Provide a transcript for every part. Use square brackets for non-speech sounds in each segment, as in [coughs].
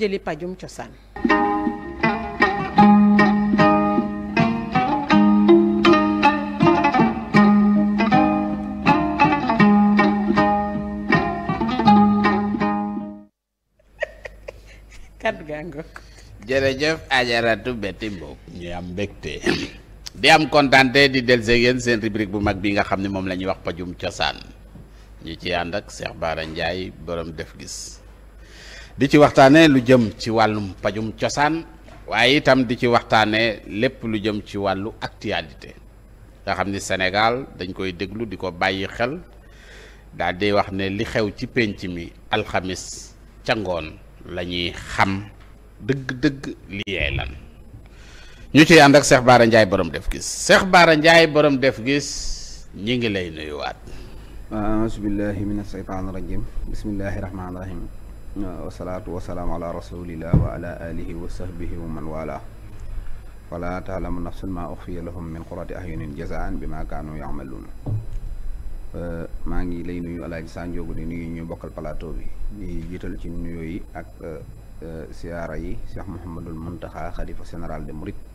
jëli pajum cosaan [laughs] kaddu gaa ngoog jërëjëf ajaratu Betty Mbow ñu am mbégte di am kontante di delse yéen seen rubrique bu mag bi nga xam ne moom lañuy wax pajum cosaan ñu ci ànd ak Cheikh Bara Ndiaye borom def gis di ci waxtaane lu jëm ci wàllum pajum cosaan waaye itam di ci waxtaanee lépp lu jëm ci wàllu actualité nga xam ni senegal dañ koy déglu di ko bàyyi xel daal di wax ne li xew ci pénc mi alxamis ca ngoon la ñuy xam dëgg-dëgg li yeey lan ñu ciy ànd ak Cheikh baara Ndiaye borom def gis Cheikh Bara Ndiaye borom def gis ñi ngi lay nuyuwaat. a'uuzu billahi mina shaytaani rajiim bismillahi rahmaani rahiim wasalaatu wasalaam ala rasulillah wa wa sahbihi wa man wala wala taalamu nafsun maa uxfiya lahum min qurati ahyunin jazaan bi maa kaanu yamaluun maa ngi lay nuyu alaaji saa njoogu di nuyu ñu bokkal plateau bi di jiital ci nuyoo yi ak eh, eh, siyaara yi Cheikh Mouhamadul Muntaxa xalifa général de Mouride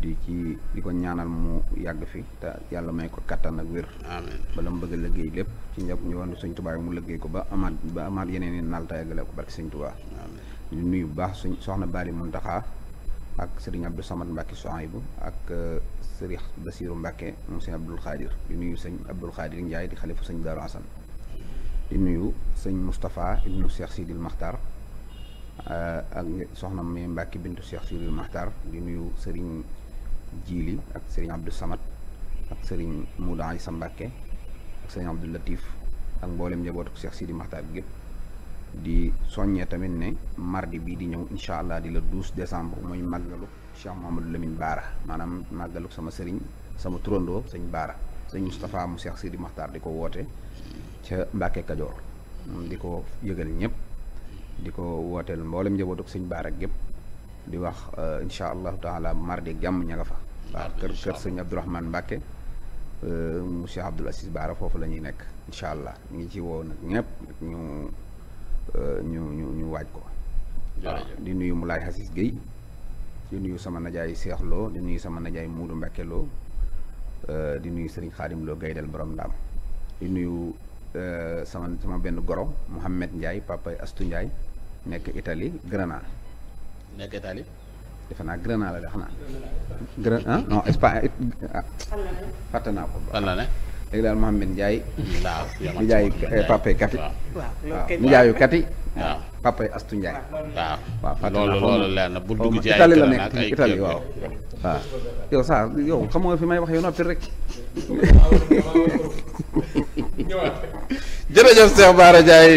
di ci di ko ñaanal mu yàgg fi te yàlla may ko kattan ak wér. amiin ba la mu bëgg a lépp ci njab ñu woon sëñ Tuubaa mu liggéey ko ba amaat ba amaat yeneen i naal te yàggale ko barke sëñ Tuubaa. amiin ñu bu baax suñ soxna Bali Muntaxa ak sëriñ Abdou Samad Mbacke Sohaybu ak euh, sëriñ Basiiru Mbacke moom sëñ Abdul Xaadir di nuyu sañ Abdul Xaadir Njaay di xalifa sëñ Daaru Asan di nuyu sëñ Moustapha ibnu Cheikh Sidil Maxtar euh, ak soxna mi Mbacke bintu Cheikh Sidil Maxtar di nuyu sëriñ. Jili ak sëriñ Abdou Samad ak sëriñ Mouda Issa Mbacke ak sëriñ Abdou Latif ak mboolem njabootu Cheikh Sidi Maxtaar gépp di soññee tamit ne mardi bii di ñëw incha allah di la 12 décembre mooy màggalu Cheikh Mouhamadou Lamine Baara maanaam màggalu sama sëriñ sama turandoo sëñ Baara sëñ Moustapha mu Cheikh Sidi Maxtaar di ko woote ca Mbacke Kajoor di ko yëgal ñëpp di ko wooteel mboolem njabootu sëñ Baara gépp di wax euh, incha allahu taala mardi gàmm ña fa waaw kër kër sëñ Abdourahmane Mbacke euh, monsieur Abdoul Aziz Baara foofu la ñuy nekk incha allah ñu ngi ci woon nag ñëpp ñu euh, ñu ñu ñu waaj ko. di nuyu Moulay Hassis Guèye di nuyu sama najaay Seex Lo di nuyu sama najaay Muudu Mbacke Lo euh, di nuyu Serigne Khadim Lo Gaydel borom ndaam di nuyu sama sama benn goro Mouhamed Ndiaye papa Astou Ndiaye nekk Italie Grenade. nekk defe naa la de xanaa. Grenade ah, ah, naa ko. léegi daal Mouhamed Ndiaye. Eh, waaw yamatu papay Kati. waaw Ndiaye Kati. papay Astou Ndiaye. waaw waaw fàtte naa ko loolu la nekk Italie waaw. yow saa yow xam fi may wax yow noppi rek. [laughs] jërëjëf Cheikh Baara Ndiaye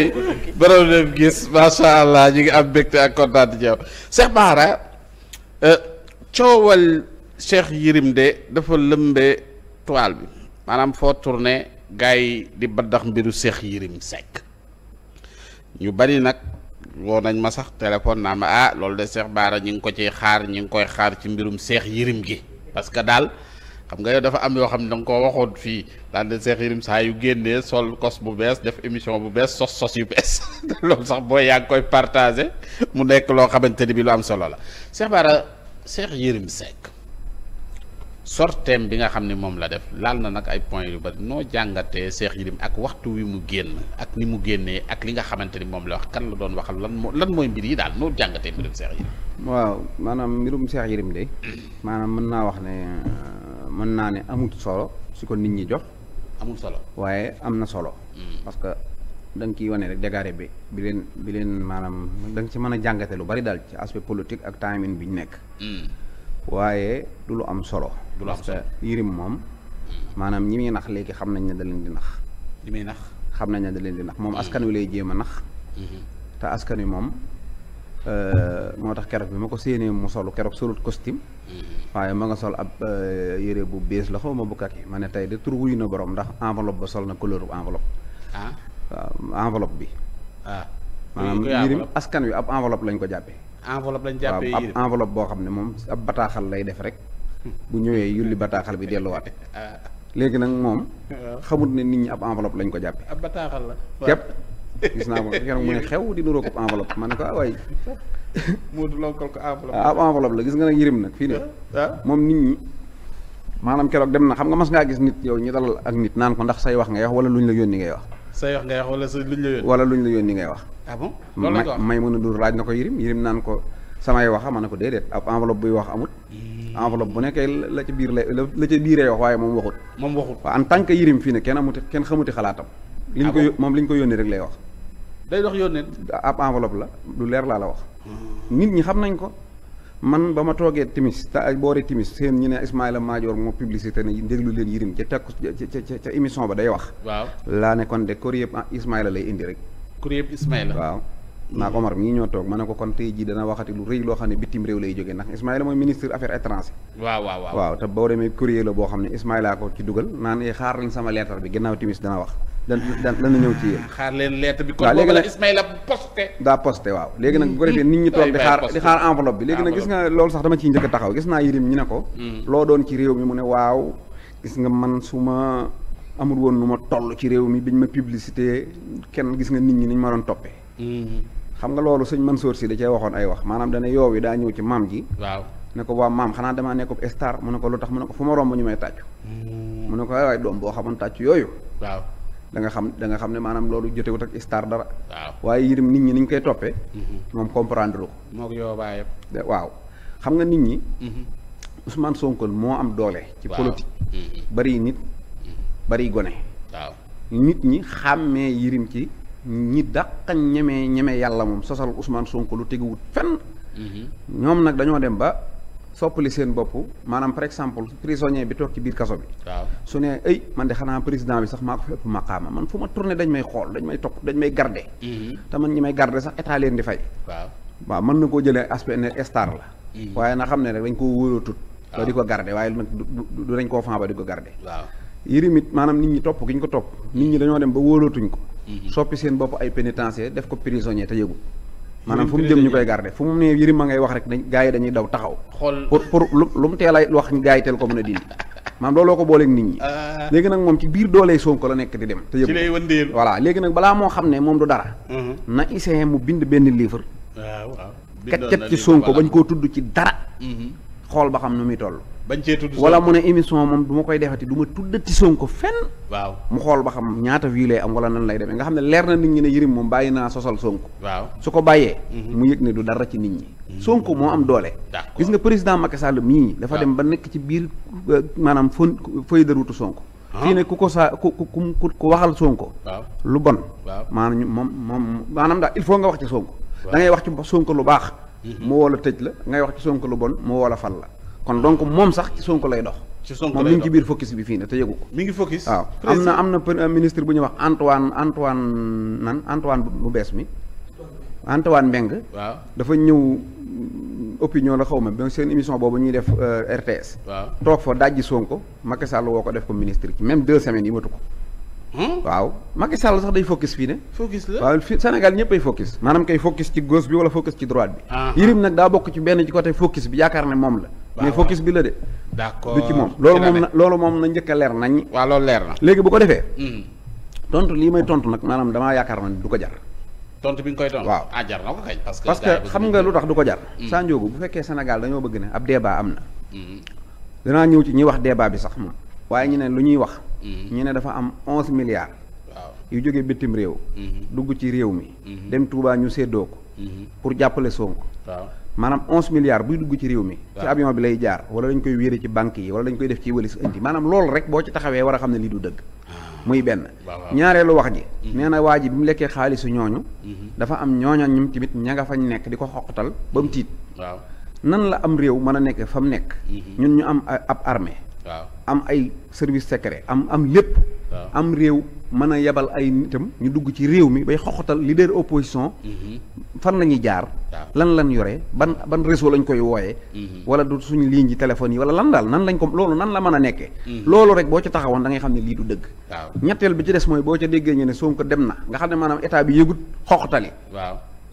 borom dem gis macha allah ñu ngi am mbégte ak kontaan ci yow Cheikh Euh, coowal Cheikh Yérim de dafa lëmbe toile bi maanaam foo tourné gars yi di baddax mbiru seex yirim Seck ñu bari nag woo nañ ma sax téléphone naa ma ah loolu de seex Bara ñi ngi ko ciy xaar ñi ngi koy xaar ci mbirum seex Yérim gi parce daal xam nga yow dafa am yoo xam ne danga koo waxoon fii daan ne Cheikh Yérim saa yu génnee sol kos bu bees def émission bu bees sos sos yu bees [laughs] loolu sax boo yaa ngi koy partagé mu nekk loo xamante ni bi lu am solo la Cheikh Bara Cheikh Yérim Seck sorteem bi nga xam ne moom la def laal na nag ay points yu bari noo jàngatee Cheikh Yérim ak waxtu wi mu génn ak ni mu génnee ak li nga xamante ni moom la wax kan la doon waxal lan moo lan mooy mbir yi daal noo jàngatee mbirum seex Yérim. waaw maanaam mbirum Cheikh Yérim de maanaam mën naa wax ne mën naa ne amul solo su ko nit ñi jox. amul solo waaye am na solo. Hmm. parce que da nga ciy wane rek dégaré bi bi leen bi leen maanaam da nga ci mën a jàngate lu bari daal ci aspect politique ak timing bi ñu nekk. Hmm. waaye lu am solo. du lu am solo parce yirim moom maanaam ñi muy nax léegi xam nañ ne da leen di nax. ñi nax xam nañ ne da leen di nax moom mm-hmm. askan wi lay jéem a nax. Mm-hmm. te askan wi moom euh, moo tax keroog bi ma ko séenee mu solu keroog solut costume. Mm-hmm. waaye ma nga sol ab euh, yére bu bees la xaw ma bu kaki ma ne tey de tur wuyu na borom ndax enveloppe ba sol na couleur bu enveloppe. ah enveloppe bi. ah maanaam yirim askan wi ab enveloppe lañ ko jàppee. enveloppe lañ jàppee ab enveloppe boo xam ne moom ab bataaxal lay def rek bu ñëwee yulli bataaxal bi delluwaate [laughs] ah. léegi nag moom ah. xamut ne nit ñi ab enveloppe lañ ko jàppee. ab bataaxal la képp gis naa ko keroog mu ne xew di nuroo ko envelop man ne ko ah [laughs] mu du lonkal ko ah, ab enveloppe la gis nga ne nag yërim nag fii ne moom nit ñi maanaam keroog dem na xam nga mas ngaa gis nit yow ñu dalal ak nit naan ko ndax say wax ngay wax wala ñu la yónni ngay wax. sa wax ngay wax wala sa luñ la yónni. wala ngay wax. ah bon loolu may mën a dund laaj na ko yirim yirim naan ko samay wax a ma ne ko déedéet ab enveloppe buy wax amut. enveloppe bu nekkee la ca biir la la ca biiree wax waaye moom waxut. moom waxut waaw en tant que yirim fii ne kenn amuti kenn xamuti xalaatam. Ah li ñu ko moom li ñu ko yónnee rek lay wax. day dox yónnee. ab enveloppe la lu leer laa la wax. Ah. nit ñi xam nañ ko. man ba ma toogee timis te ay boori timis seen ñu ne Ismaïla Madior moo publicité ne déglu leen Yérim ca takku ca ca ca émission ba day wax. waaw laa ne kon de courrier Ismaïla lay indi rek. courrier Ismaïla waaw. maak Omar mii ñoo toog ma ne ko kon tey jii dana waxati lu rëy loo xam ne bitim réew lay jógee ndax Ismaïla mooy ministre affaires étrangères waaw waaw waaw waaw te boo demee courrier la boo xam ne Ismaïla ko ci dugal naan ee eh, xaar leen sama lettre bi gannaaw timis dana wax dan dan dana ñëw ci yéen xaar leen lettre bi kon boobu la Ismaïla posté daa posté waaw léegi nag bu ko defee nit ñi toog di xaar di xaar enveloppe bi léegi nag gis nga loolu sax dama ciy njëkk taxaw gis naa yërim ne hmm. loo doon ci mi mu ne waaw gis nga man suma amul woon nu ma toll ci réew mi biñ ma publicité kenn gis nga nit ñi niñ ma doon toppee hmm. xam nga loolu sëñ Mansour si da cee waxoon ay wax maanaam dana yoow yi daa ñëw ci maam ji waaw ne ko waa maam xanaa damaa nekkob star mu ne ko lu tax mu ne ko fu ma romb ñu may tàccu hmm. mu ne ko ay waay doom boo xamoon tàccu yooyu waaw da nga xam da nga xam ne maanaam loolu jotewut ak star dara waaye yërëm nit ñi ni ñu koy toppee hmm. moom comprendre ko waaw xam nga nit ñi hmm. Ousmane sonkoon moo am doole ci politique bari nit bari gone nit ñi xàmmee yirim ci ñi dàq ñeme ñeme yàlla moom sosal Ousmane Sonko lu teguwut fenn. Mhm. ñoom nag dañoo dem ba soppali seen bopp maanaam par exemple prisonnier bi toog ci biir kaso bi. waaw su ne ay man de xanaa président bi sax maa ko fi ëpp maqaama man fu ma tourné dañ may xool dañ may topp dañ may garde mhm. te man ñi may garde sax état leen di fay. waaw waaw mën na koo jëlee aspect ne star la. Mhm. waaye na xam ne rek dañ koo wóolatut. waaw ba di ko garde waaye nag du dañ koo fan ba di ko garde waaw yërim maanaam nit ñi topp gi ko topp nit ñi dañoo dem ba wóolatuñ ko. Mhm. soppi seen bopp ay pénitencier def ko prisonnier te yëgul maanaam fu mu jëm ñu koy garde fu mu ne yërim ma ngay wax rek dañ gars yi dañuy daw taxaw pour pour lu mu teel a wax gars yi teel ko mën a dindi maam looloo ko booleeg nit ñi ah. léegi nag moom ci biir doolee Sonko la nekk di dem te yëgul voilà léegi nag balaa moo xam ne moom du dara mhm. na essayé mu bind benn livre ah, waaw waaw kat ci Sonko bañ koo tudd ci dara mhm. xool ba xam nu muy toll bañ cee wala mu ne émission moom du ma koy defati du ma tuddati Sonko fenn. waaw mu xool ba xam ñaata vues am wala nan lay demee nga xam ne leer na nit ñi ne Yérim moom bàyyi naa sosal sonk waaw su ko bàyyee. Mhm. mu yëg ne du dara ci nit ñi. Mhm. Sonko moo am doole. gis nga président Macky Sall mii. dafa dem ba nekk ci biir euh, maanaam fon feuille de route Sonko. Ah. fii ne ku ko saa ku ku ku ku waxal Sonko. lu bon. waaw maanaam moom moom maanaam daal il faut nga wax ci sonk da wax ci sonk lu baax. Mhm. mu woo tëj la ngay wax ci Sonko lu bon mu woo la la kon donc moom sax ci Sonko lay dox. ci Sonko lay dox moom mi ngi ci biir focus bi fii ne te yëgu ko. mi ngi focus. waaw am na am na ministre bu ñuy wax Antoine Antoine nan Antoine bu bees mi. Antoine Mbengue. waaw dafa ñëw mm, opinion la xaw ma ba seen émission boobu ñuy def euh, RTS. waaw toog fa woo ko def ko ministre ci même deux semaines yi matu ko. waaw Macky sax day focus fii ne. focus la waaw fii Sénégal ñëpp ay focus. maanaam kay focus ci gauche bi wala focus ci droite bi. Ah, ah. Yérim nag daa bokk ci benn ci côté focus bi yaakaar ne moom la. mais focus bi la de. d' accord du ci moom loolu moom na loolu moom na njëkk leer nañ. waaw leer na. léegi bu ko defee. Hmm. tontu lii may tontu nag maanaam damaa yaakaar ma ni du ko jar. tontu bi nga koy tontu. waaw ah jar na ko kay. parce que parce xam nga lu tax du ko jar. Hmm. Sa Ndiogou bu fekkee Sénégal dañoo bëgg ne ab débat am na. Hmm. danaa ñëw ci ñi wax débat bi sax moom. waaye ñu ne lu ñuy wax. ñu ne dafa am onze milliards. waaw yu jógee bitim réew. dugg ci réew mi. dem tuubaa ñu séddoo ko. pour jàppale Sonko. maanaam onze milliards buy dugg ci réew mi ci avion bi lay jaar wala dañ koy wéere ci banque yi wala dañ koy def ci wëlis indi maanaam loolu rek boo ci taxawee war a xam ne lii du dëgg ah. muy benn ñaareelu wax ji mm-hmm. nee na waa ji bi mu lekkee xaalisu ñooñu mm-hmm. dafa am ñooña ñum tamit ña nga fañ nekk di ko xoqatal ba mu tiit waaw nan la am réew mën a nekk fa mu nekk mm-hmm. ñun ñu am ab armée am ay service secret am am lépp am réew mën a yebal ay nitam ñu dugg ci réew mi bay xoxotal leader opposition mm-hmm. fan la ñuy jaar lan lan yore ban ban réseau lañ koy wooyee mm-hmm. wala du suñu lii yi téléphone yi wala lan daal nan lañ ko loolu nan la mën a nekkee mm-hmm. loolu rek boo ca taxawoon da ngay xam ne lii du dëgg ñetteel bi ci des mooy boo ca déggee ñu ne Sonko dem na nga xam ne maanaam état bi yëgut xoxotali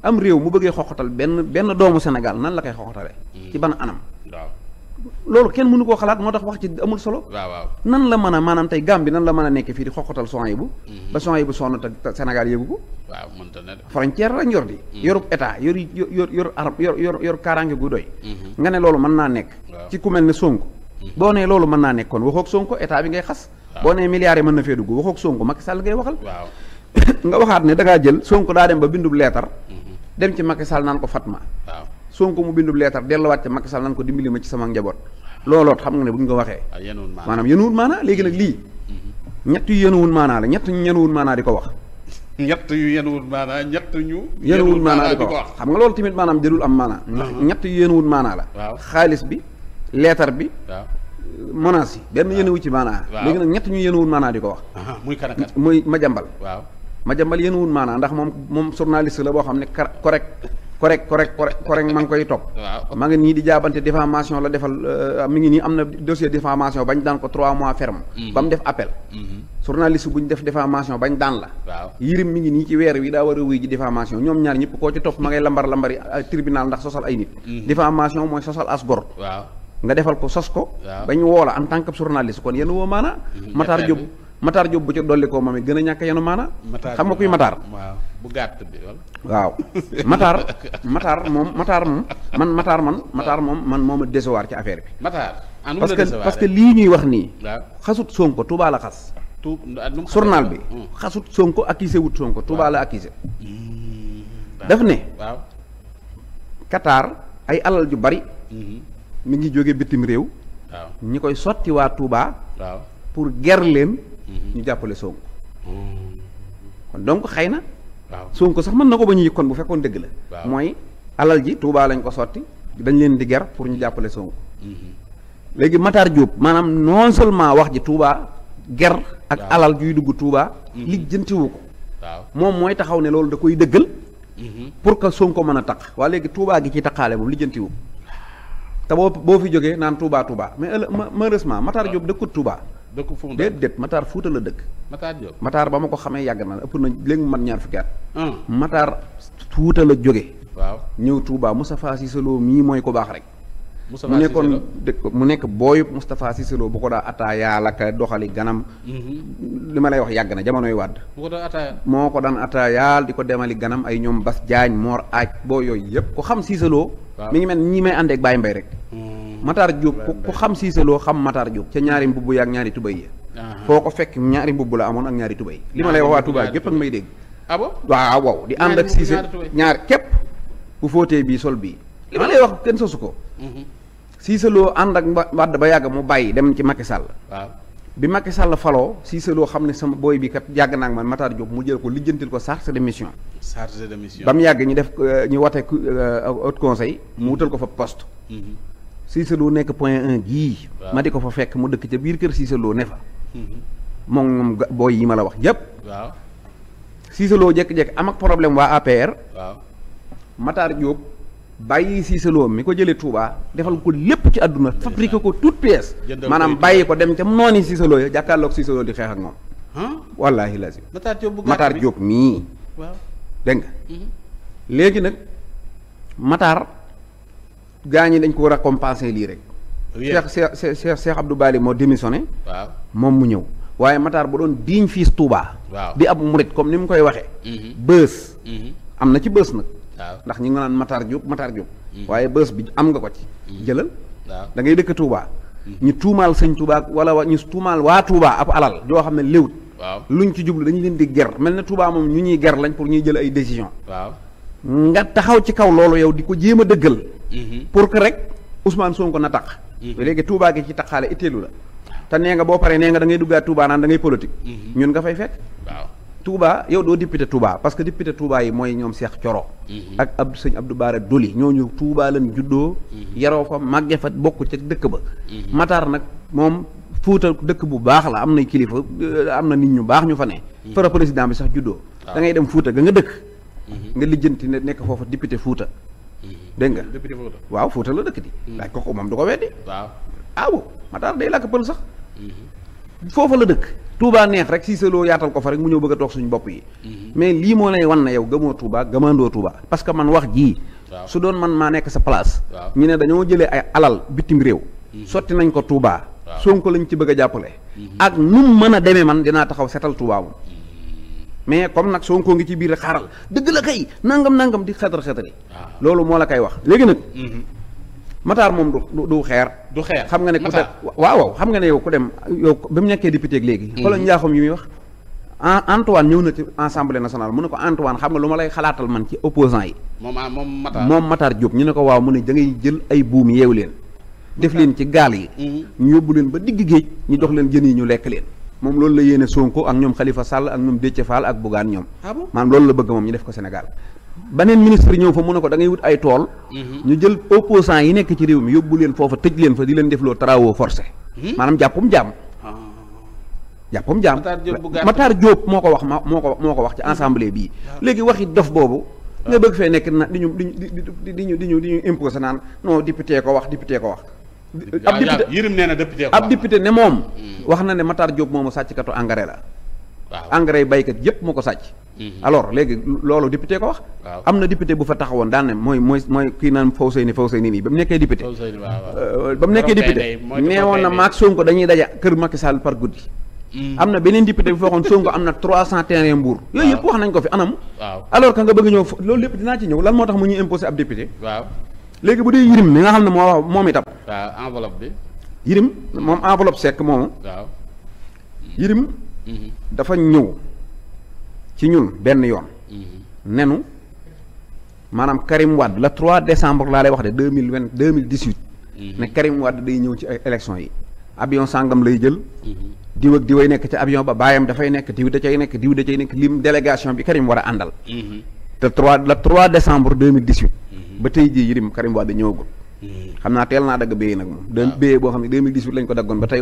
am réew mu bëggee xoxotal benn benn doomu Sénégal nan la koy xoxotale ci ban anam loolu kenn mënu koo xalaat moo tax wax ci amul solo. waaw waaw nan la mën a maanaam tey Gambie nan la mën a nekk fii di xoqatal Sohaybu mhm. ba Sohaybu sonn te Sénégal yëgu ko. waaw mënta na frontière la yor di. Mhm. yorub état yor yor yor arab yor yor yor kaaraange gu doy. Mhm. nga ne loolu mën naa nekk. ci ku mel ne Sonko. boo nee loolu mën naa nekk kon waxoog Sonko état bi ngay xas. boo nee milliards yi mën na fee dugg waxoog Sonko Macky Sall ngay waxal. [coughs] nga waxaat ne da ngaa jël Sonko daa dem ba bindub leetar. dem ci Macky Sall naan ko Fatma. Sonko mu bindub leetar delluwaat ci Macky Sall naan ko dimbali ma ci sama njaboot looloot xam nga ne bu ñu ko waxee ah, maanaam yenuwun maanaa léegi nag lii mm-hmm. ñett yu yenuwun maanaa la ñett ñu yenuwun maanaa di ko wax ñett yu yenuwun maanaa ñett ñu yenuwun di ko wax xam nga loolu tamit maanaam jëlul am maanaa uh-huh. ñett yu yenuwun maanaa la xaalis bi leetar bi menace yi benn yenewu ci maanaa léegi nag ñett ñu yenuwun maanaa di ko wax uh-huh. muy kan muy ma jambal ma jambal yenuwun maanaa ndax moom moom journaliste la boo xam ne correct correct correct correct correct ngi koy topp maa ngi nii di jaabante diffamation la defal euh, mi ngi nii am na dossier diffamation bañ daan ko trois mois ferme mhm. ba mu def appel mhm. journaliste bu ñu def diffamation bañ daan la yërim mi ngi nii ci weer wi daa war a wuy ji diffamation ñoom ñaar ñëpp koo ci topp ma ngay lambar lambari euh, tribunal ndax sosal ay nit mhm. diffamation mooy sosal as nga defal ko sos ko bañ woo la en tant que journaliste kon yéen woo maana Matar Diop Matar bu ci dolli koo moom it a ñàkk yenu maana xam nga kuy Matar bu gàtt bi waaw [laughs] Matar Matar moom Matar moom man Matar man Matar moom man moo ma décevoir ci affaire bi. Matar ah parce que lii ñuy wax nii. xasut Sonko Touba la xas. tu ah, journal bi. Hmm. xasut Sonko accusé wut Sonko Touba la accusé. Hmm. daf ne. waaw ay alal ju bari. Hmm. mi ngi jóge bitim réew. ñi koy sotti waa Touba. pour ger leen. ñu jàppale Sonko. kon donc xëy na. waaw Sonko sax mën na ko ba ñu yëg kon bu fekkoon dëgg la. mooy alal ji Touba lañ ko sotti dañ leen di ger pour ñu jàppale Sonko. Mm-hmm. léegi Matar Diop maanaam non seulement wax ji Touba ger ak alal juy dugg tuubaa mm-hmm. lijjantiwu ko. moom mooy taxaw ne loolu da koy dëggal. Mm-hmm. pour que ko mën a taq waa léegi tuubaa gi ci taqaale moom lijjantiwu ko te boo boo fi jógee naan Touba Touba mais malheureusement Matar Diop dëkkut Touba. dëkku fu mu déet déet Matar Fuuta la dëkk. Matar Diop Matar ba ma ko xamee yàgg na ëpp na léegi mu man ñaar fukki at. Ah. Matar Fuuta a jóge waaw ñëw Touba Moustapha Cissé Lo mii mooy ko baax rek. mu nekkoon dëkk mu nekk booyub Moustapha Cissé Lo bu ko daa ataayaa la ka doxali ganam. Mhm. li ma lay wax yàgg na jamonoy wàdd. moo ko daan ataayaal di ko demali ganam ay ñoom Bas Jaañ Mor Aaj boo yooyu yëpp ko xam Cissé Lo. mi ngi mel ñi may àndeek Baye Mbaye rek. Mhm. Matar Diop ku xam Cissé Lo xam Matar Diop ca ñaari mbubb ak ñaari tubay yi foo ko fekk ñaari mbubb la amoon ak ñaari tubay li ma lay wax waa Touba gépp ak may dégg ah bon waaw waaw di ànd ak Cissé ñaar képp bu fóotee bii sol bii li ma lay wax kenn sosu ko mhm. Cissé ànd ak Wade ba yàgg mu bàyyi dem ci Macky Sall bi Macky Sall faloo Cissé Lo xam ne sama booy bi kat naa ak man Matar mu jël ko lijjantil ko chargé de mission chargé de mission ba yàgg ñu def ñu wate euh, haut conseil mu wutal ko fa poste mhm. Cissé Lo nekk point un gii. ma di ko fa fekk mu dëkk ca biir kër Cissé Lo ne fa. moom moom booy yi ma la wax yëpp. waaw Cissé Lo am ak problème waa APR. waaw Matar Diop bàyyi Cissé Lo mi ko jëlee Touba defal ko lépp ci àdduna fabriqué ko toute pièce. maanaam bàyyi ko dem ca nooni Cissé Lo ya jàkkaarloog Cissé Lo di xeex ak moom. wallaahi lazi. Matar Diop bu Matar Diop mii. waaw dégg mhm. léegi nag Matar. gaa ñi dañ ko récompenser lii rek. Cheikh Cheikh Cheikh Cheikh Abdou Bali moo démissionné. moom mu ñëw. waaye Matar bu doon diiñ fiis Touba. waaw di ab murit comme ni mu koy waxee. Mhm. bës. Mhm. am na ci bës nag. ndax ñu ngi naan Matar Diop Matar Diop. Mhm. waaye bës bi am nga ko ci. jëlal waaw da ngay dëkk Touba. ñu tuumaal sëñ Touba wala ñu tuumaal waa Touba ab alal joo xam ne léwut. waaw luñ ci jublu dañu leen di ger mel na Touba moom ñu ñuy ger lañ pour ñuy jël ay décision. waaw nga taxaw ci kaw loolu yow di ko jéem a dëggal. Mhm. pour que rek Ousmane Sonko na taq mhm. léegi Touba gi ci taqaale itteelu la te nee nga boo paree nee nga dangay ngay duggaat Touba naan da ngay mhm. ñun nga fay fekk waaw yow doo député Touba parce que député Touba yi mooy ñoom Cheikh Coro ak ab sëñ Abdou Bara Doli ñooñu Touba lañ juddoo yaroo fa màgge fa bokk ca dëkk ba Matar nag moom Fuuta dëkk bu baax la am na kilifa euh, am na nit ñu baax ñu fa ne fara président bi sax juddoo da ngay dem Fuuta ga nga dëkk nga lijjanti ne nekk foofa député Fuuta dégg nga waaw Fuuta la dëkk di laaj ko ko moom du ko weddi waaw awo Matar day làkk pël sax mm-hmm. foofa la dëkk Touba neex rek si seloo yaatal ko fa rek mu ñëw bëgg a toog suñu bopp yi mm-hmm. mais lii moo lay wan na yow gëmoo Touba gëmandoo Touba parce que man wax jii su doon man maa nekk sa place ñu ne dañoo jëlee ay alal bitim réew mm-hmm. sotti nañ ko Touba Sonko lañ ci bëgg a jàppale ak nu mën a demee man dinaa taxaw setal Touba moom mais comme nag Sonko ngi ci biir rek xaaral dëgg la kay nangam nangam di xetar xetari ah. loolu moo la koy wax léegi nag mhm. Matar moom du du xeer du xeer xam nga ne ku dem waaw xam nga ne yow ku dem yow ba mu nekkee député léegi mhm. xoolal njaaxum yi muy wax Antoine ñëw na ci assemblée national mu ne ko Antoine xam nga lu ma lay xalaatal man ci opposant yi moom ah, Matar Diop ñu ne ko waaw mu ne da jël ay buum yeew leen def leen ci gaal yi mhm. ñu yóbbu leen ba digg géej ñu jox ah. leen jën yi ñu lekk leen moom loolu la yéene Sonko ak ñoom Khalifa Sall ak ñoom Déthié Fall ak Bougane ñoom ah maanaam loolu la bëgg moom ñu def ko Sénégal beneen ministre ñëw fa mu ne ko da ngay wut ay tool mhm. ñu jël opposant yi nekk ci réew mi yóbbu leen foofa tëj leen fa di leen defloo travaux forcés mhm. maanaam jàppum jaam ah. jàppam jaam Matar Diop moo ko wax ma moo ko moo ko wax ci mhm. assemblée bii ah. léegi waxi dof boobu nga bëgg fee nekk na di ñu di ñu di ñu di ñu imposé naan non député ko wax député ko wax ab député yërëm nee na député ab député ne moom. Hmm. wax na ne Matar Diop moomu sàcckatu engrais la. waaw engrais yi béykat yëpp moo ko sàcc. Hmm. alors léegi loolu député ko wax. am na député bu fa taxawoon daan ne mooy mooy mooy kii naan Fawceyni Fawceyni nii ba mu nekkee député. Euh, ba mu nekkee député neewoon a maag Sonko dañuy daja kër Macky Sall par guddi. Hmm. am na beneen député bu fooxoon Sonko am na trois cent terrain mbuur yooyu yëpp wax nañ ko fi anam. alors que nga bëgg ñëw loolu lépp dinaa ci ñëw lan moo tax mu ñuy imposé ab député. léegi bu dee yirim mi nga xam ne moo wax moom itam. waaw enveloppe bi. yirim moom enveloppe sec moomu. waaw yirim. Mhm. dafa ñëw ci ñun benn yoon. Mhm. nenu maanaam Karim Wade le 3 décembre laa lay wax de deux mille vingt deux mille dix huit. Mhm. ne Karim Wade day ñëw ci ay élections yi. avion sàngam lay jël. diw ak diway nekk ci abion ba baayam dafay nekk diw da cay nekk diw da cay nekk lim délégation bi Karim war a àndal. te 3 la 3 decembre deux mille dix huit. ba tey jii yërim Karim Wade ñëwagul hmm. xam naa teel naa dagg béyee nag moom da béyee boo xam ne 2018 lañ ko daggoon ba tey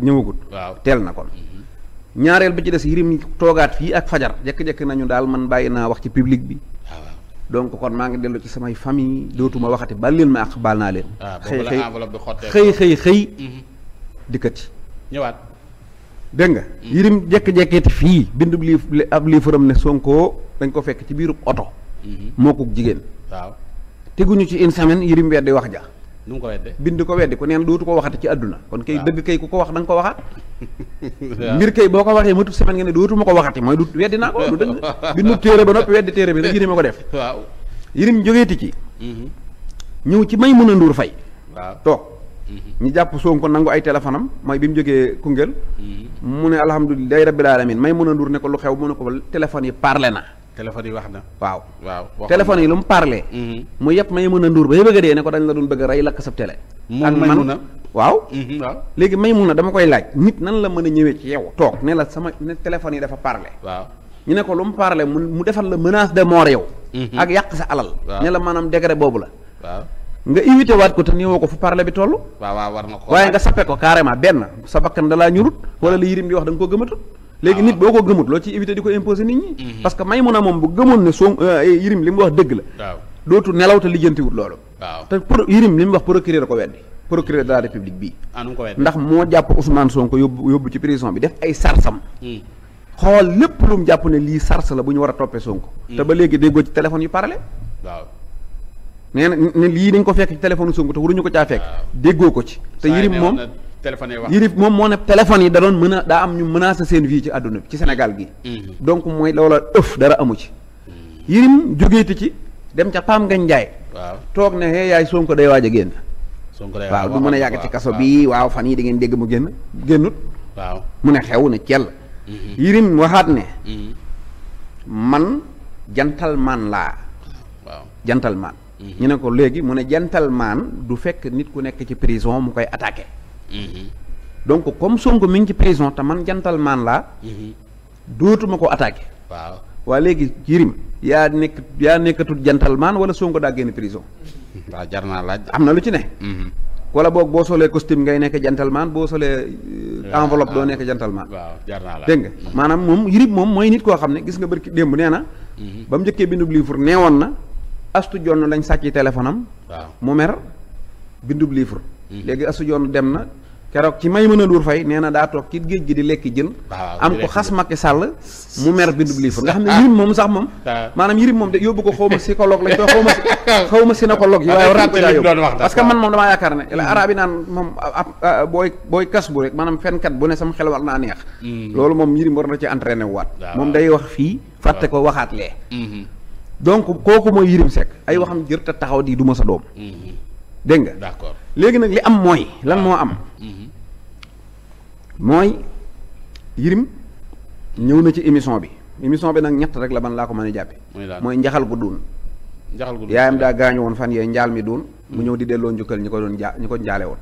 ñëwagul waaw teel na kon hmm. ñaareel ba ci des yërim toogaat fii ak fajar jekk-jekk nañu daal man bàyyi naa wax ci public bi ah, donc kon maa ngi dellu ci samay famille dootuma waxati baal leen ma àq baal naa leen ah, xëy xëy xëy xëy hmm. dikkati dégg nga yërim jekk fii bindub lii ab lii faram Sonko dañ ko fekk ci biirub oto moo jigéen waaw teguñu ci une semaine Yërim weddi wax ja nu ko wedde bind ko weddi ku neen dootu ko waxate ci àdduna kon kay dëgg kay ku ko wax da ko waxaat [laughs] mbir kay boo ko waxee matut semaine nga ne dootu ma ko waxati mooy du weddi naa ko du dëgg [laughs] bindu téere ba noppi weddi téere bi rek Yërim a ko def waaw Yërim jógeeti ci mm-hmm. ñëw ci may mën a nduur fay toog mm-hmm. ñu jàpp Sonko nangu ay téléphone am mooy bi mu jógee Koungheul mm-hmm. mu ne alhamdulilah rabbil alamin may mën a nduur ne ko lu xew mu ne ko téléphone yi parlé na téléphone yi wax na. waaw waaw téléphone yi lu mu parler. Mhm. mu yëpp Maymuna Nduur ba bëgg a dee ne ko dañ la du doon bëgg rey lakk sab télé. ak man waaw. may mun na dama koy laaj nit nan la mën a ñëwee ci yow. toog ne la sama ne yi dafa parler. waaw ñu ne ko lu mu parler mu defal la menace de moo yow. Mhm. ak yàq sa alal. ne la maanaam degré boobu la. nga invité waat ko te nii woo ko fu parler bi toll. waaw waaw war na ko waaye nga sappe ko carrément benn sa bakk da laa ñurut wala li yirim di wax da nga ko gëmatut léegi nit boo ko gëmut loo ci éviter di ko imposer nit ñi mhm. parce que may mun a moom bu gëmoon ne soo euh, yirim li mu wax dëgg la dootu nelaw te lijjantiwut loolu te pour yirim li mu wax procureur ko weddi procureur de la république bii ah, ndax moo jàpp Ousmane Sonko yóbbu yóbbu ci prison bi def ay sarsam hmm. xool lépp lu mu jàpp ne lii sars la bu ñu war a toppee Sonko hmm. te ba léegi déggoo ci téléphone yu parallèle waaw nee na ne lii dañ ko fekk ci téléphone Sonko te waruñu ko caa fekk ko ci te yirim moom téléphone yi wax yirif moom moo ne téléphone yi da doon mën daa am ñu menacer seen vie ci àdduna bi ci Sénégal gi mhm. donc mooy loola ëf dara amu ci mhm. yirim jógeeti ci dem ca Pam Ngagne toog ne hee yaay Sonko day waaj a génn waaw du mën a yàgg ci kaso bi waaw fan yi di ngeen dégg mu génn génnut waaw mu ne xew na cell mhm. yirim waxaat ne man gentleman laa waaw gentleman ñu ne ko léegi mu ne gentleman du fekk nit ku nekk ci prison mu koy attaqué Mm-hmm. donc comme Sonko mi ngi ci prison te man gentleman laa. Mm-hmm. dootuma ko attaqué. waaw waa léegi Yérim yaa nekk yaa nekkatu nekkatul gentleman wala Sonko daa génn prison. Mm-hmm. waaw jar naa laaj. am na lu ci ne. wala boog boo solee costume ngay nekk gentleman boo solee. Euh, enveloppe doo nekk gentleman. waaw jar naa dégg nga maanaam moom Yérim moom mooy nit koo xam ne gis nga bërki démb nee na. ba mu njëkkee bindub nee woon na. astu jon lañ sàcc téléphone am. waaw mu mer bindub livre. léegi astu jonn dem na. keroog ci may mën a duur fay nee na daa toog ci géej gi di lekk jën am ko xas Macky Sall mu mer bindub livre nga xam ne ah. yirim moom sax moom ah. maanaam yirim moom de yóbbu ko xaw ma psychologue lañ ko xaw ma [laughs] ah. xaw ma psychologue yi waaye ko daa yóbbu moom damaa mm. booy booy kas maanaam fenkat bu ne xel war naa neex mm. loolu moom yirim war na ci entraîné wu waat moom day wax fii fàtte ko waxaat lee mm-hmm. donc kooku mooy yirim sekk ay waxam jër taxaw di du ma sa doom mm-hmm. dégg nga d'accord léegi nag li am mooy lan moo am mm-hmm. mooy yirim ñëw na ci émission bi émission bi nag ñett rek la ban laa ko mën a jàppe mooy njaxal gu duun njaxal gu duun yaayam daa gaañu woon fan yee njaal mi duun mu hmm. ñëw di delloo njukkal ñu ko doon jaa ñi ko njaale woon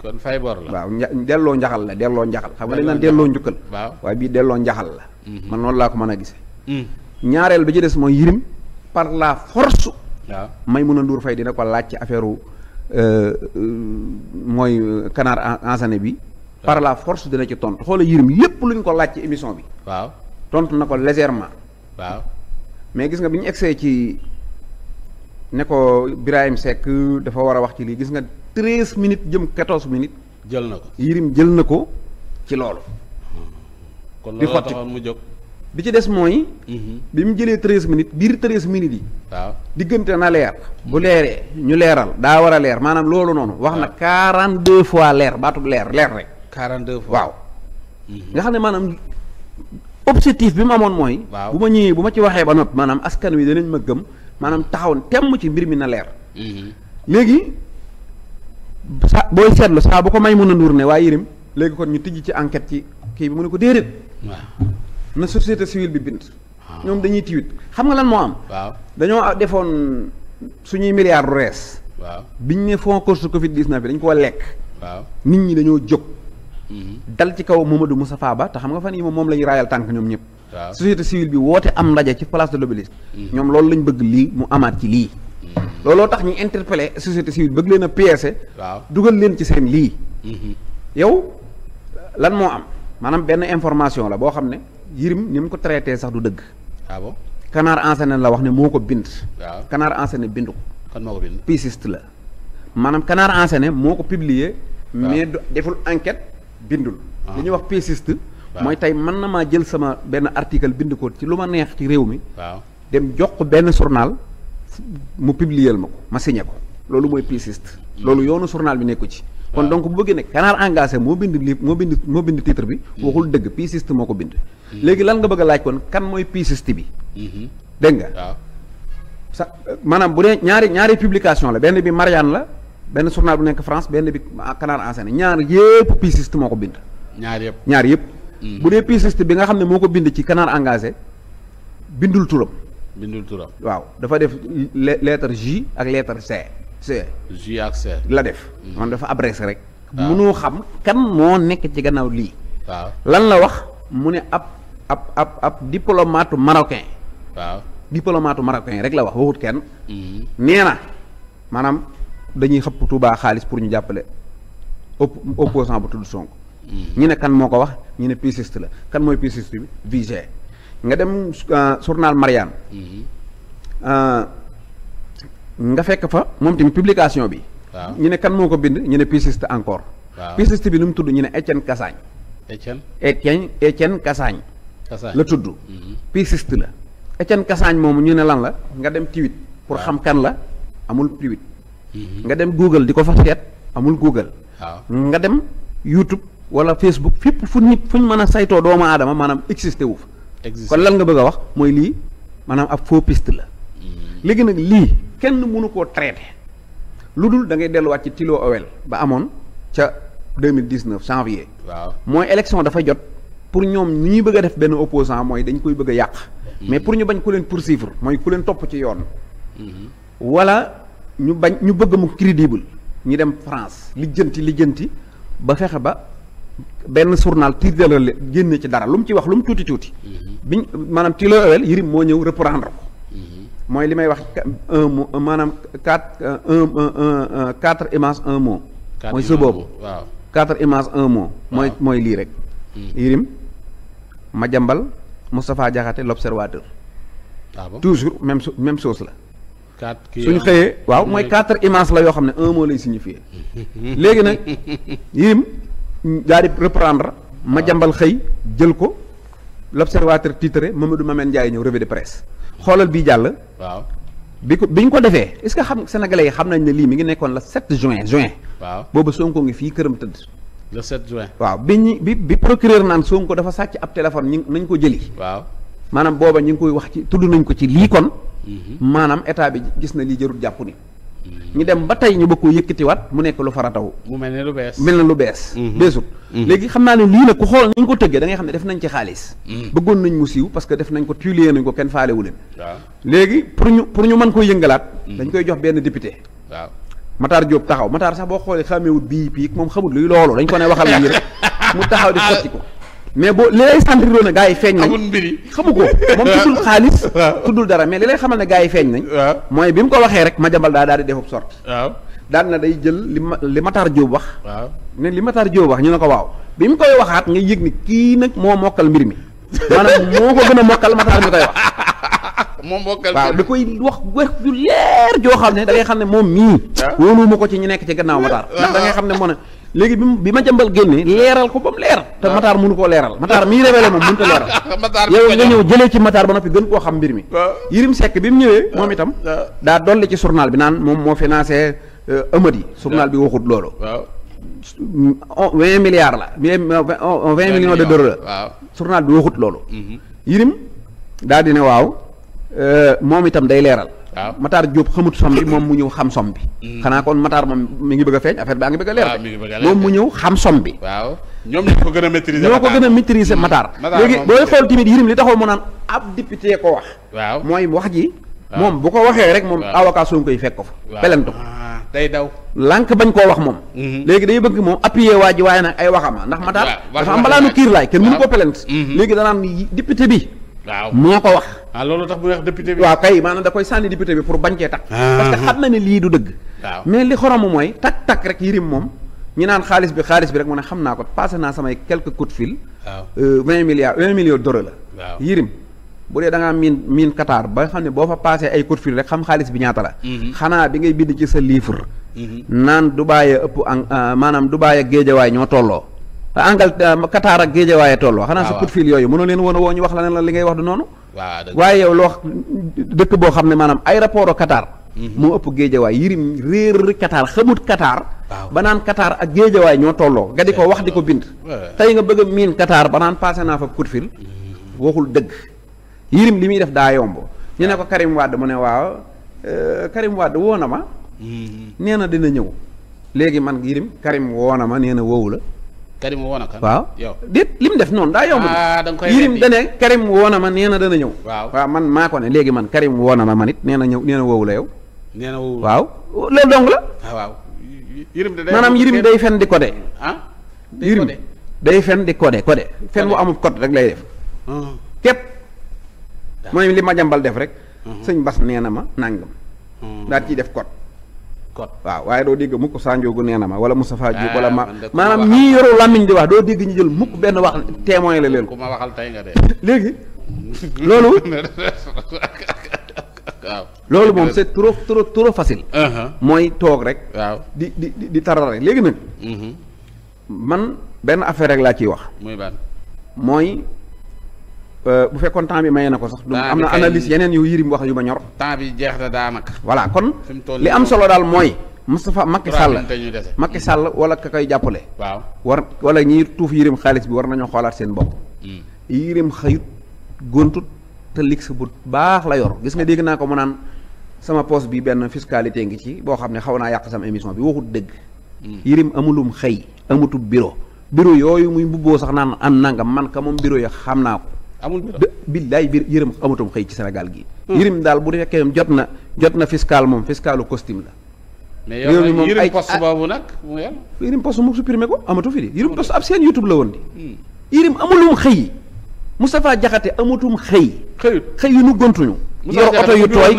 kon fay bor la delloo njaxal la delloo njaxal xam nga dañ naan delloo njukkal waaw waaye bii delloo njaxal la hmm. man noonu laa ko mën a gise hmm. ñaareel bi ci des mooy yirim par la force waaw may mun a nduur fay dina ko laaj ci affaire euh, euh, mooy euh, Canard enchaîné bi par la force dina ci tontu xoola yërëm lu ñu ko laaj ci émission bi. waaw tontu na ko légèrement. waaw mais gis nga bi ñu egsee ci ne ko Birahim Seck dafa war a wax ci lii gis nga treize minutes jëm quatorze minutes. jël na ko yërëm jël na ko ci loolu. kon loolu taxoon mu jóg bi ci des mooy. Mhm. bi mu jëlee treize minutes biir treize minutes yi. waaw diggante na leer. bu leeree ñu leeral daa war a leer maanaam loolu noonu. wax na quarante deux fois leer baatub leer leer rek. 42 fois waaw. Mhm. nga xam ne maanaam objectif bi mu amoon mooy. waaw bu ma ñëwee bu ma ci waxee ba noppi maanaam askan wi danañ ma gëm maanaam taxaw temm ci mbir mi na leer. Mhm. léegi sa booy seetlu saa bu ko may mën a nuur ne waa Yërim léegi kon ñu tijji ci enquête ci kii bi mu ne ko déedéet. waaw na société civile bi bind. ñoom dañuy tiwit xam nga lan moo am. dañoo defoon suñuy milliards rees. waaw biñ ne fonds contre Covid 19 bi dañ koo lekk. nit ñi dañoo jóg. dal ci kaw Mamadou Moustapha Ba te xam nga fan yi moom moom la ñu raayal tànk ñoom ñëpp société civile bi woote am ndaje ci place de l'Obélisque mhm. ñoom loolu lañ bëgg lii mu amaat ci lii mhm. looloo tax ñu interpellé société civile bëgg leen a piéger waaw dugal leen ci seen lii mhm. yow lan moo am maanaam benn information la boo xam ne yirim ni mu ko traité sax du dëgg ah bon Canard la wax ne moo ko bind kanaar Canard enchaîné bind ko kan moo ko bind la maanaam Canard enchaîné moo ko publié mais deful enquête bindul ah. li ñuy wax pésiste mooy tey man na maa jël sama benn article bind ko ci lu ma neex ci réew mi dem jox ko benn journal mu publier ma ko ma signé ko loolu mooy pésiste hmm. loolu yoonu journal bi nekku ci kon donc bu bëggee ne Canard Engager moo bind li moo bind moo bind titre bi hmm. waxul dëgg pisiste moo ko bind hmm. léegi lan nga bëgg a laaj kon kan mooy pisiste bi dégg nga sa maanaam bu dee ñaari ñaari publication la benn bi Marianne la benn journal bu nekk France benn bi Canard enchaîné ñaar yëpp pisiste moo ko bind. ñaar yëpp ñaar yëpp. Hmm. bu dee pisiste bi nga xam ne moo ko bind ci Canard engagé bindul turam. bindul turam waaw dafa def lettre J ak lettre C. C J ak C. la def hmm. man dafa adresse rek. Ah. mënoo xam kenn moo nekk ci gannaaw lii. waaw ah. lan la wax mu ne ab ab ab ab diplomate marocain. waaw ah. diplomate marocain rek la wax waxut kenn. Hmm. nee na maanaam. dañuy xëpp Touba xaalis pour ñu jàppale opposant bu tudd Sonko mm-hmm. ñu ne kan moo ko wax ñu ne pisiste la kan mooy pisiste bi vigé nga dem euh, journal Marianne mm-hmm. euh, nga fekk fa moom tamit publication bi ñu ne kan moo ko bind ñu ne pisiste encore pisiste bi nu mu tudd ñu ne Étienne Kassaagne Étienne Étienne Étienne Kassaagne la tudd mm-hmm. pisiste la Étienne Kassaagne moomu ñu ne lan la nga dem tiwit pour xam kan la amul tiwit Mm-hmm. nga dem Google di ko fa seet amul Google. nga dem YouTube wala Facebook fépp fu ni fu ñu mën a saytoo doomu aadama maanaam existé wu fa. kon lan nga bëgg a wax mooy lii maanaam ab faux piste la. Mm-hmm. léegi nag lii kenn mënu koo traité lu dul da ngay delluwaat ci Tilo Owel ba amoon ca deux mille dix neuf janvier. waaw mooy élection dafa jot pour ñoom ñu ñuy bëgg a def benn opposant mooy dañ koy bëgg a yàq. Mm-hmm. mais pour ñu bañ ku leen pour poursuivre mooy ku leen topp ci yoon. wala. ñu bañ ñu bëgg mu crédible ñu dem France lijjanti lijjanti ba fexe ba benn journal tiitalal la génne ci dara lu mu ci wax lu mu tuuti tuuti. Mm-hmm. biñ maanaam Tilo Ewel Yérim moo ñëw reprendre ko. Mm-hmm. mooy li may wax un euh, maanaam quatre euh, un euh, quatre un mot. boobu waaw. quatre images un mot. mooy lii rek. Mm-hmm. Yérim Madiambal Moustapha Diakhaté l' observateur. Ah toujours même même chose la. suñ xëyee waaw mooy quatre images la yoo xam ne un mot ñu signifier [laughs] léegi nag yim daa di reprendre ma jambal xëy jël ko l'observateur titré Mamadou Mamène Ndiaye ñëw revue de presse xoolal bii jàll waaw bi ko bi ñu ko defee est-ce que xam sénégalais yi xam nañ ne lii mi ngi nekkoon la 7 juin juin waaw boobu Sonko ngi fii këram tëdd le set juin waaw bi ñu bi bi procureur naan Sonko dafa sàcc ab téléphone ñu nañ ko jëli waaw maanaam booba ñu ngi koy wax ci tudd nañ ko ci lii kon mhm. maanaam état bi gis na lii jërul jàppu ni mhm. ñu dem ba tey ñu bëgg koo yëkkatiwaat mu nekk lu farataw mu mel ne lu bees mel ne lu bees mhm. beesut léegi xam naa ne lii nag ku xool nañ ko tëggee da xam ne def nañ ci xaalis bëggoon nañ mu siiw parce que def nañ ko tuilier nañ ko kenn faalewu leen léegi pour ñu pour ñu mën koy yëngalaat dañ koy jox benn député waaw Matar Diop taxaw Matar sax boo xoolee xàmmeewut bii piig moom xamut luy loolu dañ ko ne waxal lii rek [laughs] mu taxaw di sotti ko mais boo li lay sentir doon ne gars yi feeñ nañ xamu mbiri xamu ko moom tuddul xaalis [laughs] tuddul dara mais li lay xamal ne gaa yi feeñ nañ mooy bi mu ko waxee rek ma jambal daa daal di defub sorte waaw na day jël li li Matar Diop wax waaw ne li Matar Diop wax ñu ne ko waaw bi mu koy waxaat nga yëg ni kii nag moo mokkal mbir mi moo ko gën a mokkal Matar mi koy wax [laughs] moom mokkal waaw da koy wax wax ju leer joo xam ne da xam ne moom mii wóolu ma ko ci ñu nekk ci gannaaw Matar ndax da ngay xam ne moo ne léegi bi ma jambal génnee leeral ko ba mu leer te ah. mataar munu koo leeral mataar mii révélé moom mënu ta leeral [laughs] yow nga ñëw jëlee ci mataar ba noppi gën koo xam mbir mi ah. Yérim sekk bi mu ñëwee moom ah. itam daa dolli ci journal bi naan moom moo financé euh, Amady journal bi waxut loolu vingt milliards la vingt millions de dollars la journal bi waxut loolu mhm. Yérim daa di ne waaw Euh, moom itam day leeral. waaw Matar Diop xamut som bi moom mu ñëw xam som bi. Mm. xanaa kon Matar moom mi ngi bëgg a feeñ affaire bi a ngi bëgg a leer. moom mu ñëw xam som bi. ko gën a maîtriser. ko gën a maîtriser Matar. Mm. léegi booy xool tamit mooy wax ji. moom bu ko waxee rek moom avocat Sonko yi fekk ko fa. pelento ah, day daw lànk bañ koo wax moom. Mm-hmm. léegi day bëgg moom appuyer waa ji waaye nag ay waxama ndax Matar. dafa am balaanu kiir laay mm-hmm. léegi danaan député bi. waaw moo ko wax ah loolu bu wax député bi. waaw kay maanaam da koy sànni député bi pour bañ cee takk. Ah, parce ah. xam na ne lii du dëgg. waaw mais li xorom mooy takk takk rek yirim moom. ñu naan xaalis bi xaalis bi rek mu ne xam naa ko passé naa samay quelques coups de fil. waaw euh, vingt la. waaw yirim bu dee da ngaa miin miin Qatar ba xam ne boo fa passé ay coups de rek xam xaalis bi ñaata la. Mhm. xanaa bi ngay bind ci sa livre. Mhm. naan du bàyyee ëpp euh, maanaam Dubaay ak Géejawaay ñoo tolloo. angal euh, Qatar ak géejawaaye tolloo xanaa sa ah, coup de fil yooyu mënoo leen woon a woo wax la ne la li ngay wax du noonu waaye yow loo dëkk boo xam ne maanaam ay aéroport Qatar mhm. moo ëpp géejawaay yirim réer Qatar xamut Qatar ba naan Qatar ak géejawaay ñoo tolloo nga di ko eh, wax di ko bind tey nga bëgg a miin Qatar ba naan passé naa fa coup de fil mhm. waxul dëgg yirim li muy def daa yomb ñu ne ko Karim Wade mu ne waaw euh, Karim Wade woo na ma mhm. nee na dina ñëw léegi man yirim Karim woo na na woowu la Karim woon na kan. waaw yow déet li mu def noonu daa yomb. ah da nga koy Yirim da ne Karim woon na ma nee na dana ñëw. waaw waaw man maa ko ne léegi man Karim woon na ma man it nee na ñëw nee wowu woowu la yow. nee na woowu waaw loolu dong la. Ah, waaw Yirim de day day fen di codé. ah Yirim day fen di codé codé. fen bu amul code rek lay def. Ah. képp. Ah. mooy li ma jàmbal def rek. sëñ Bas nee na ma nangam. daal ciy def code. kon waaw waaye doo dégg mukk Sanjoogu nee na ma wala Moustapha Diop ah, wala ma maanaam ñii yoru làmmiñ di wax doo dégg ñu jël mukk benn wax témoin la leen ko ma waxal tey nga de [laughs] léegi loolu [laughs] loolu moom c'est trop trop trop facile uh-huh. mooy toog rek di di di taral rek léegi nag mm-hmm. man benn affaire rek laa ciy wax muy mooy Euh, bu fekkoon temps bi maye na ko sax. temps am na analyse yeneen yu yirim wax yu ma ñor. temps bi jeex na daanaka. voilà kon li am solo daal mooy. Moustapha Macky Sall Macky Sall wala ka koy jàppale. waaw war wala ñii tuuf yirim xaalis bi war nañoo xoolaat seen bopp. Hmm. yirim xëyut gontut te ligg bu baax la yor gis nga dégg naa ko mu naan sama poste bi benn fiscalité ngi ci boo xam ne xaw naa yàq sama émission bi waxut dëgg. Hmm. yirim amulum xëy amutub biro bureau yooyu muy mbubboo sax naan am nangam man ka moom bureau ya xam naa ko. amul billaay biir yërëm amatum xëy ci senegal gi hmm. yërëm daal bu fekkee moom jot na jot na fiscal moom fiscalu costume la. mais yow nag yërëm poste boobu nag mu yem. yërëm poste ko amatu fi di ab seen YouTube la woon di. Hmm. yërëm amulum xëy. Moustapha Diakhaté amatum xëy. xëyut xëy yu nu gontuñu. yor oto yu tooy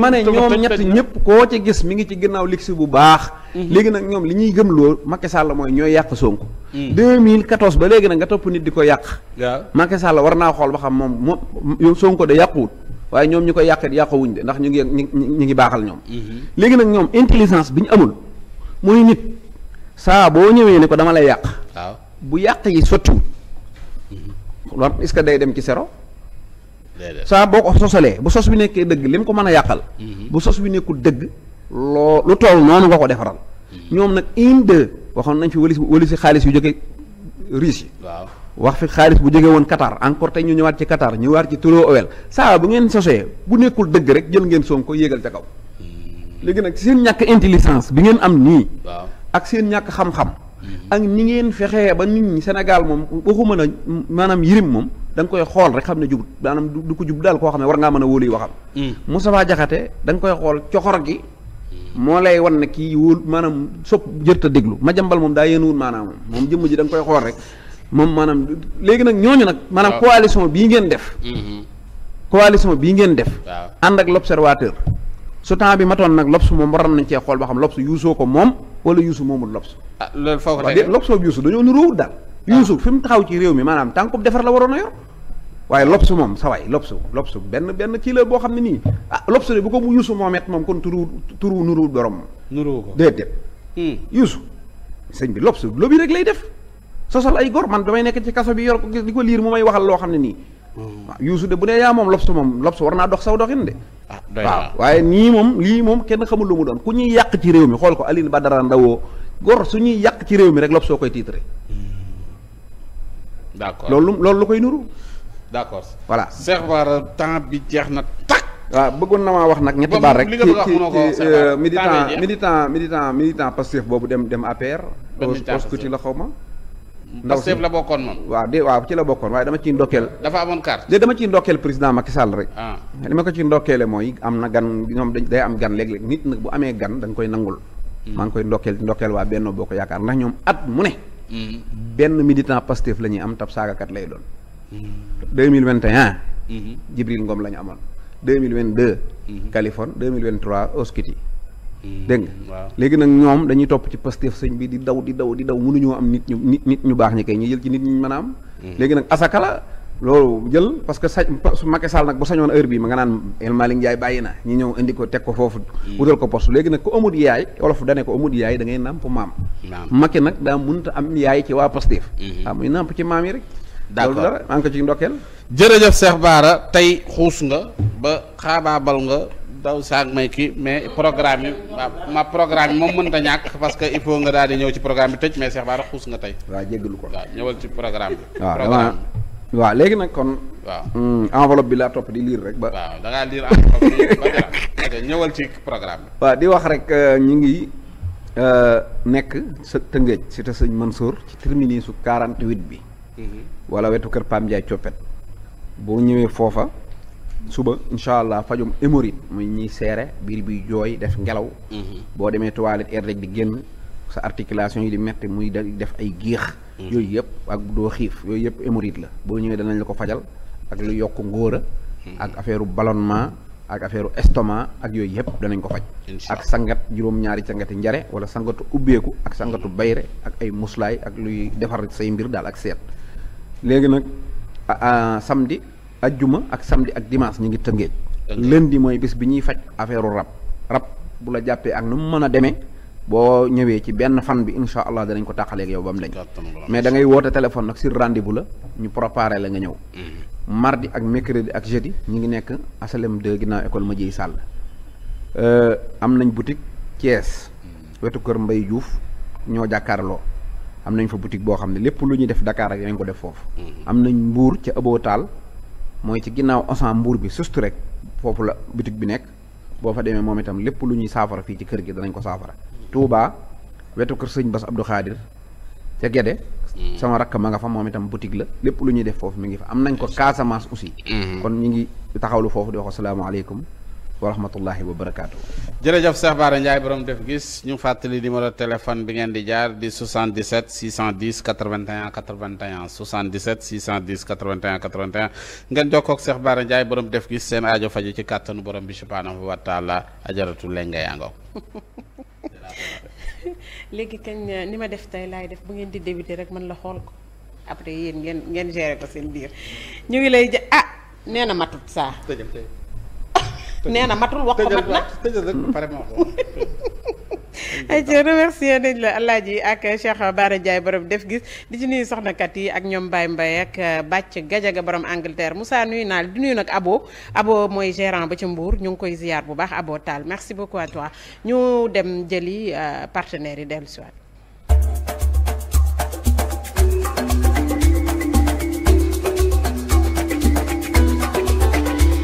ma ne ñoom ñett ñëpp koo ci gis mu ngi ci ginnaaw ligsi bu baax. Hmm. léegi nag ñoom li ñuy gëm loo Macky Sall mooy ñooy yàq Sonko 2014 hmm. ba léegi nag nga topp nit di ko yàq. waaw Macky Sall war naa xool ba xam moom moom yow Sonko de yàquwut waaye ñoom ñu koy yàqet yàqawuñ de ndax ñu ngi ñu ngi baaxal ñoom. Mm-hmm. léegi nag ñoom intelligence bi ñu amul mooy nit saa boo ñëwee ne ko dama lay yàq. bu yàq yi sottiwul. war mm-hmm. est-ce que day dem ci sero saa boo ko sosalee bu sos bi nekkee dëgg li mu ko mën a yàqal. Mm-hmm. bu sos bi nekkul dëgg. loo lu toll noonu nga ko defaral. ñoom nag une waxoon nañ fi wëlis wëlisi xaalis yu jóge riis yi wax fi xaalis bu jege woon Qatar encore tey ñu ñëwaat ci Qatar ñëwaat ci turo owel saa bu ngeen sosee bu nekkul dëgg rek jël ngeen ko yéegal ca kaw hmm. léegi nag seen ñàkk intelligence bi ngeen am nii ak seen ñàkk xam-xam hmm. ak ni ngeen fexee ba nit ñi Sénégal moom waxuma na maanaam yirim moom da koy xool rek xam ne jubut maanaam du ko jub daal koo xam ne war ngaa mën a wóolu yi waxam mu hmm. Diakhaté da nga koy xool coxor gi moo lay wan na kii wóol maanaam sopp jërta déglu ma jambal moom daa yéenuwul maanaam moom moom jëmm ji da koy xool rek moom maanaam léegi nag ñooñu nag maanaam coalition bii ngeen def mm-hmm. coalition bii ngeen def ànd ak l'observateur su temps bi matoon nag lobs moom waroon nañ cee xool ba xam lobs yuusoo ko moom wala yuusu moomul lobs ah loolu foofu lobs moom yuusu dañoo niroowul daal ah. yuusu fi mu taxaw ci réew mi maanaam tànkub defar la waroon a yor waaye lobsu moom sa waay lobsu lobsu benn benn kii la boo xam ne nii ah lobsu de bu ko yuusu moomet moom kon turu turu nuru borom. nuru ko déedéet. Hmm. yuusu sëñ bi lobsu lobi rek lay def sosal ay gor man damay nekk ci kaso bi yor ko di ko liir mu waxal loo xam ne nii. waaw hmm. ah, bu dee yaa moom lobsu moom lobsu war naa dox saw doxin de. Ah, waaw nii moom lii moom kenn xamul lu mu ñuy yàq ci réew mi xool ko Aline Badara Ndao gor su yàq ci réew mi rek lobsoo koy tiitre. Hmm. d'accord loolu loolu lu koy nuru. d'accord voilà Cheikh Bara temps bi jeex na tak waaw bëggoon na maa wax nag ñetti baar rek ci ci euh, militant militant militant militant boobu dem dem APR auskuti la xaw ma hmm. ndaw Pastef la bokkoon moom waa de waaw ci la bokkoon waaye dama ciy ndokkeel dafa amoon carte de dama ciy ndokkeel président Macky Sall rek ah. li ma ko ci ndokkeele mooy am na gan ñoom dañ day am gan léeg-léeg nit bu amee gan da koy nangul hmm. maa ngi koy ndokkeel di ndokkeel waa Benno Bokk Yaakaar ndax ñoom at mu ne hmm. benn militant Pastef la ñuy am tab saagakat lay doon deux mille vingt et un mhm. Jibril Ngom la ñu amoon deux mille vingt deux mhm. Californie deux mille vingt trois Oskiti mhm. dégg nga waaw léegi nag ñoom dañuy topp ci Pastef sëñ bi di daw di daw di daw mënuñoo am nit ñu nit ñu baax ñi kay ñu jël ci nit ñi mën léegi nag asaka la loolu jël parce que sa su Macky Sall nag bu sañoon heure bii ma nga naan El Malick Ndiaye bàyyi na ñi ñëw indi ko teg ko foofu wutal ko poste léegi nag ku amut yaay wolof dane ko amut yaay da ngay nàmp maam Macky nag daa mënta am yaay ci waa Pastef waaw ah, muy nàmp ci maam yi rek d'accord loolu dara maa ko ci ndokkeel. jërëjëf seex baara tey xuus nga ba xaabaabal nga daw saag may kii mais programme yi ma programme yi moom mënut a ñàkk parce que il faut nga daal di ñëw ci programme bi tëj mais Cheikh Bara xuus nga tey. waaw jéggalu ko waaw ñëwal ci programme bi. waaw léegi nag kon. waaw hmm, bi laa topp di lire rek ba. waaw da ngaa ñëwal ci programme bi. waaw di wax rek euh, ñu ngi. Euh, nekk sa Tëngéej ci te sëñ Mansour ci terminus su 48 bi. Mm-hmm. wala wetu kër Pam Ndiaye coppet boo ñëwee foofa suba incha allah fajum hémorroïde muy ñiy seere biir bi jooy def ngelaw mm-hmm. boo demee toilette air rek di génn sa articulation yi di metti muy def ay géex mm-hmm. yooyu yëpp ak doo xiif yooyu yëpp hémorroïde la boo ñëwee danañ la ko fajal ak lu yokk ngóora ak affaire ballonnement ak affaire estomac ak yooyu yëpp danañ ko faj ak sangat juróom-ñaari sangati njare wala sangatu ubbeeku ak sangatu bayre ak ay muslaay ak luy defar say mbir daal ak seet léegi nag samedi ajjuma ak samedi ak dimanche ñu ngi tëngeej lundi mooy bis bi ñuy faj affaire rab rab bu la jàppee ak nu mu mën a demee boo ñëwee ci benn fan bi incha allah danañ ko tàqaleeg yow ba mu dañ mais da ngay woote téléphone nag sur rendez bu la ñu préparé la nga ñëw mm-hmm. mardi ak mercredi ak jeudi ñu ngi nekk asalem 2 ginnaaw école ma jiy sàll euh, am nañ boutique Thiès mm-hmm. wetu kër Mbay Juuf ñoo jàkkaarloo am nañ fa boutique boo xam ne lépp lu ñuy def Dakar ak dinañ ko def foofu. Mm-hmm. am nañ mbuur ca Abo Taal mooy ci ginnaaw osan mbuur bi sustu rek foofu la boutique bi nekk boo fa demee moom itam lépp lu ñuy saafara fii ci kër gi danañ ko saafara. Mm-hmm. Touba wetu kër sëñ Bass Abdou Khadir ca Guédé. Mm-hmm. sama rakk ma nga fa moom itam boutique la lépp lu ñuy def foofu mu ngi fa am nañ ko Casamance aussi. kon ñu ngi taxawlu foofu di wax asalaamaaleykum. wa rahmatullahi wa barakaatu. jërëjëf Cheikh Bara Ndiaye borom def gis ñu fàttali numéro téléphone bi ngeen di jaar di 77 610 81 81 77 610 81 81 ngeen jokkoo ak Cheikh Bara Ndiaye borom def gis seen aajo faju ci kàttanu borom bi subhaanahu wa taala ajaratu leen nga yaangoo [laughs] léegi kañ euh, ni ma def tey laay def bu ngeen di débuté rek man la xool ko après yéen ngeen ngeen géré ko seen biir ñu ngi lay jë ah nee na matut saa. nee na matul wax mat na ay [laughs] ci remercier nañ la alaaji ak Cheikh Bara Ndiaye borom def gis di ci nuyu soxnakat yi ak ñoom Mbaye Mbaye ak euh, bàcc gajaga borom Angleterre Moussa nuy naa la di nuyu nag aboo abo mooy gérant ba ca mbuur ñu ngi koy ziyaar bu baax aboo taal merci beaucoup à toi ñu dem jëli euh, partenaires yi dellu siwaat